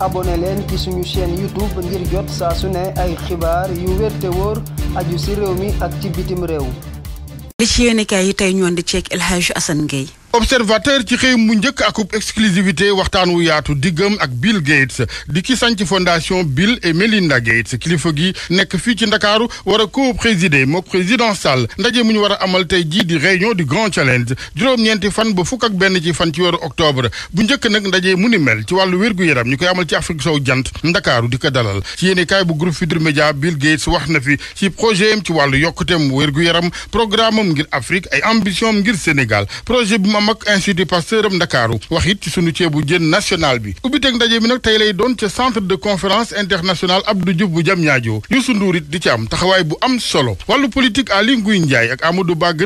abonné leen ci suñu chaîne YouTube ngir jot saa su ne ay xibaar yu wér te wóor aju ci réew mi ak ci bitim réew. li ci yéene yi tey ñoon di ceeg El Hadj Assane observateur ci xëy bu njëkk akub exclusivité waxtaan wu yaatu diggam ak Bill Gates di ki sanc fondation Bill et Melinda Gates kilifa gi nekk fii ci ndakaaru war a co-présider mook président Sall ndaje mu ñu war amal tey jii di réunion du grand challenge juróom-ñeenti fan ba fukk ak benn ci fan ci weeru octobre bu njëkk nag ndaje mu ni mel ci wàllu wér yaram ñu koy amal ci Afrique sow jant ndakaaru di ko dalal ci yéene kaay bu groupe Futurs média Bill Gates wax na fi ci projet ci wàllu yokkuteem wér-gu-yaram programme am ngir Afrique ay ambition ngir Sénégal moom ak institut Pasteur am Ndakaaru wax it ci sunu ceebu jën national bi ubbiteg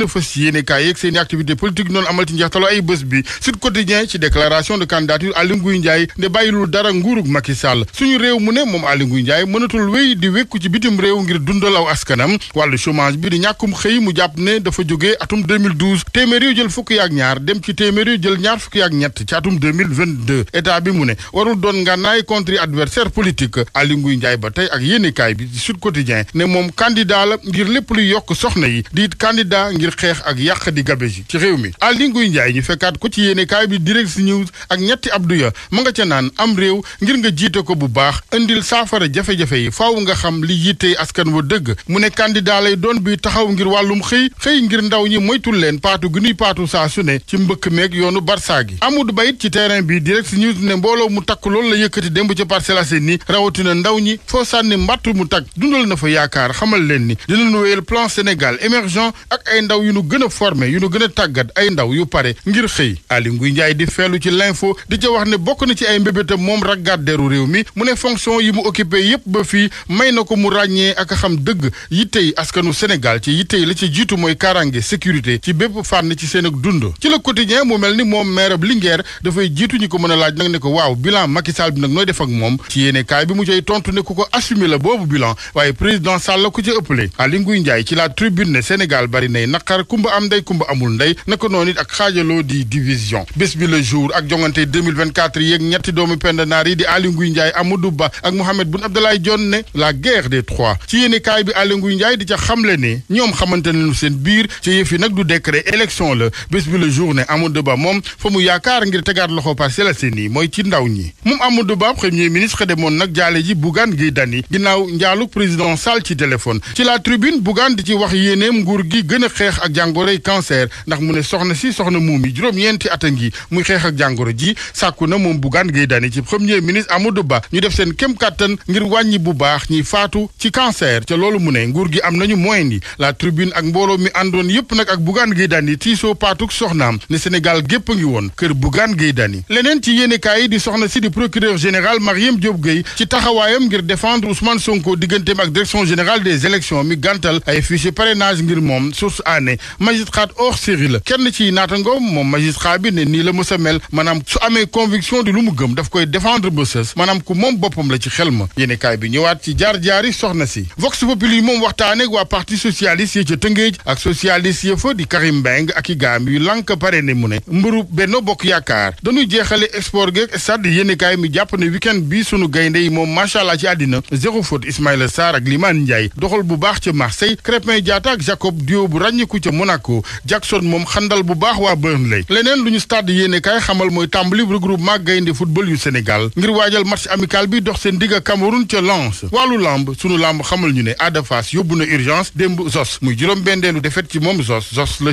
a fës ci yéene kaay yeeg seeni activité politique noonu amal ci njeextalu ay bés bi Sud Quotidien ci déclaration de candidature Aly Ngouille Ndiaye ne bàyyilul dara nguurug Macky Sall suñu réew mu ne moom Aly Ngouille Ndiaye mënatul wéy di wékku ci bitim réew ngir dundal aw askanam wàllu chômage bi di ñàkkum xëy mu jàpp ne dafa jógee atum 2012 téeméer yu jël fukk yaak ñaar dem ci téeméeri jël ñaar fukki ak ñett ci atum 2022 état bi mu ne warul doon ngànnaay contre adversaire politique Aly Ngouille Ndiaye ba tey ak yéenekaay bi Sud Quotidien ne moom candidat la ngir lépp lu yokk soxna yi di candidat ngir xeex ak yàq di gabe ji ci réew mi Aly Ngouille Ndiaye ñu fekkaat ko ci yéenekaay bi Direct News ak ñetti abdu ya ma nga ca naan am réew ngir nga jiite ko bu baax indil saafara jafe-jafe yi faaw nga xam li yittee askan wa dëgg mu ne candidat lay doon bi taxaw ngir wàllum xëy xëy ngir ndaw ñi moytul leen paatu gi ñuy paatu saa su ne ci mbëkk meeg yoonu Barça gi Amadou Ba it ci terrain bi direct news ne mbooloo mu takk loolu la yëkkati démb ca Parcelles ni rawatina ndaw ñi foo sànni mbàtt mu tag dundal na fa yaakaar xamal leen ni dinañu wéyal plan Sénégal émergent ak ay ndaw yu nu gën a formé yu nu gën a tàggat ay ndaw yu pare ngir xëy Aly Ngouille Ndiaye di feelu ci l'info di ca wax ne bokk na ci ay mbébétam moom raggaatdeeru réew mi mu ne fonction yi mu occupé yépp ba fii may na ko mu ràññee ak xam dëgg yittey askanu Sénégal ci yittey la ci jiitu mooy kaaraange sécurité ci bépp fànn ci seen ak dund quotidien mu mel ni moom maire ab dafay jiitu ñu ko mën laaj nag ne ko waaw bilan Macky Sall bi nag nooy def ak moom ci yéene kaay bi mu cay tontu ne ku ko assumé la boobu bilan waaye président Sall la ku ci ëppale Aly Ngouille Ndiaye ci la tribune Sénégal bari nay naqar kumba am ndey kumba amul ndey naka noonu it ak xaajaloo di division bés bi le jour ak jongante 2024 ñetti doomu pendanaar yi di Aly Ngouille Ndiaye Amadou Ba ak Mohamed Boun Abdallah wu ne Amadou Ba moom fa mu yaakaar ngir tegaat loxo Parcelles mooy ci ndaw ñi moom Amadou Ba premier ministre demoon nag jaale ji Bougane Gueye Dany ginnaaw njaalu président Sall ci téléphone ci la tribune Bougane di ci wax yéeneem nguur gi gën a xeex ak jàngoroy cancer ndax mu ne soxna si soxna muumi juróom-ñeenti at a ngi muy xeex ak jàngoro ji sàkku na moom Bougane Gueye Dany ci premier ministre Amadou Ba ñu def seen kem kàttan ngir wàññi bu baax ñi faatu ci cancer ca loolu mu ne nguur gi am nañu moyen yi la tribune ak mbooloo mi àndoon yépp nag ak Bougane Gueye Dany tiisoo paatuk soxnaam ne Sénégal gépp a ngi woon kër Bougane Gueye Dany leneen ci yéenekaay yi di soxna si di procureur général Mariam Diop Gueye ci taxawaayam ngir défendre Ousmane Sonko digganteem ak direction générale des élections mi gàntal ay fiche parrainage ngir moom source année magistrat hors série la kenn ci naatangoom moom magistrat bi ne nii la mës mel maanaam su amee conviction di lu mu gëm daf koy defendre ba sës maanaam ku moom boppam la ci xel ma yéenekaay bi ñëwaat ci jaar-jaari soxna si Vox Populi yi moom waxtaane waa parti socialiste yi ca Tëngéej ak socialiste ya fa Marème mu ne mburu Benno Bokk Yaakaar dañuy jeexale export geeg stade yéenekaay mi jàpp ne week-end bi sunu gaynde yi moom macha allah ci àddina zéro faute Ismaïla Sarr ak Limane Ndiaye doxal bu baax ca Marseille Crépin Diatta ak Jacob Dio bu ràññiku ca Monaco Jackson moom xandal bu baax waa Burnley leneen lu ñu stade yéenekaay xamal mooy tàmbali regroupement gaynde football yu Sénégal ngir waajal match amical bi dox seen digg Cameroun ca Lens wàllu lamb sunu lamb xamal ñu ne Ada Fass yóbbu na urgence démb Zos muy juróom bendeelu defet ci moom Zos Zos le